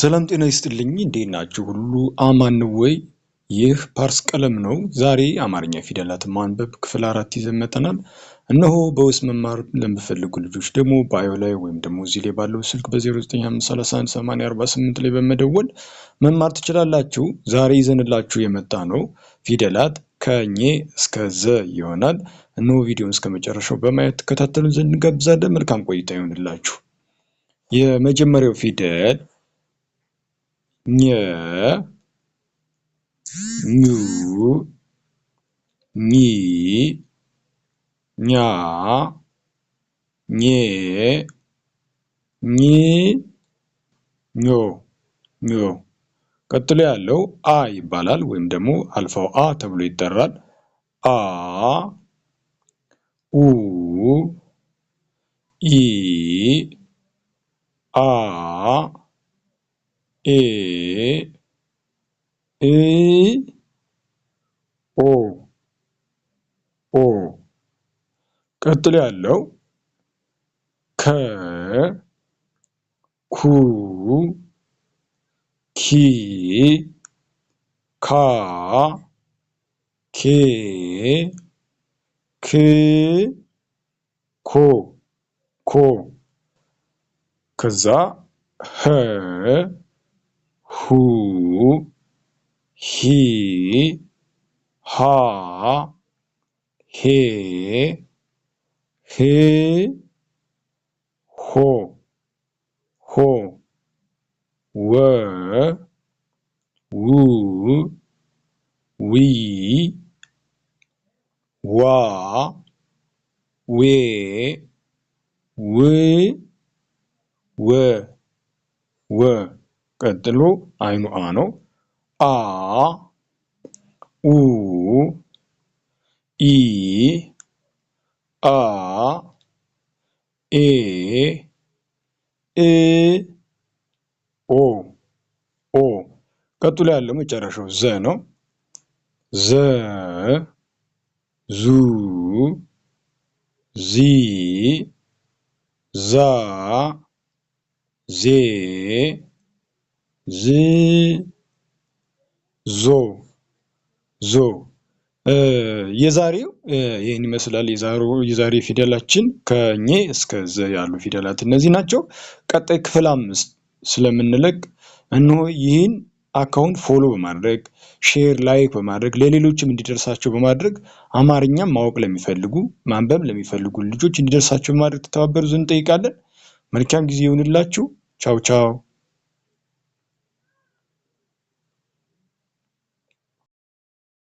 ሰላም ጤና ይስጥልኝ። እንዴት ናችሁ? ሁሉ አማን ወይ? ይህ ፓርስ ቀለም ነው። ዛሬ አማርኛ ፊደላት ማንበብ ክፍል አራት ይዘን መጥተናል። እነሆ በውስጥ መማር ለምፈልጉ ልጆች ደግሞ ባዮ ላይ ወይም ደግሞ እዚህ ላይ ባለው ስልክ በ09518148 ላይ በመደወል መማር ትችላላችሁ። ዛሬ ይዘንላችሁ የመጣ ነው ፊደላት ከኘ እስከ ዘ ይሆናል። እነሆ ቪዲዮን እስከ መጨረሻው በማየት ተከታተሉን ዘንድ እንጋብዛለን። መልካም ቆይታ ይሆንላችሁ። የመጀመሪያው ፊደል ኘ ኙ ኚ ኛ ኜ ኝ ኞ ኞ ቀጥሎ ያለው አ ይባላል ወይም ደግሞ አልፋው አ ተብሎ ይጠራል። አ ኡ ኢ አ ኤ እ ኦ ኦ ቀጥሎ ያለው ከ ኩ ኪ ካ ኬ ክ ኮ ኮ ከዛ ኸ who, he, her, he, he, ho, ho, were, woo, we, wa, we, we, were, were. ቀጥሎ አይኑ አ ነው። አ ኡ ኢ አ ኤ እ ኦ ኦ ቀጥሎ ያለው መጨረሻው ዘ ነው። ዘ ዙ ዚ ዛ ዜ ዝ ዞ ዞ የዛሬው ይህን ይመስላል። የዛሬ ፊደላችን ከኘ እስከ ዘ ያሉ ፊደላት እነዚህ ናቸው። ቀጣይ ክፍል አምስት ስለምንለቅ እንሆ ይህን አካውንት ፎሎ በማድረግ ሼር፣ ላይክ በማድረግ ለሌሎችም እንዲደርሳቸው በማድረግ አማርኛም ማወቅ ለሚፈልጉ ማንበብ ለሚፈልጉ ልጆች እንዲደርሳቸው በማድረግ ተተባበሩ ዘንድ እንጠይቃለን። መልካም ጊዜ ይሁንላችሁ። ቻው ቻው።